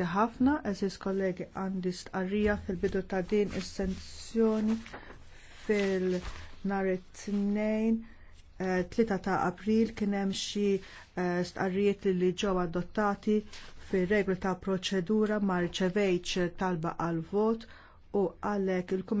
Grazzi ħafna, eżis kollegi għandi stqarrija fil-bidu ta' din is-sensjoni fil-nhar it-tnejn 3 eh, ta' April kien hemm xi eh, stqarrijiet li ġew adottati fir-regla ta' proċedura ma rċevejtx talba għal vot u għalhekk il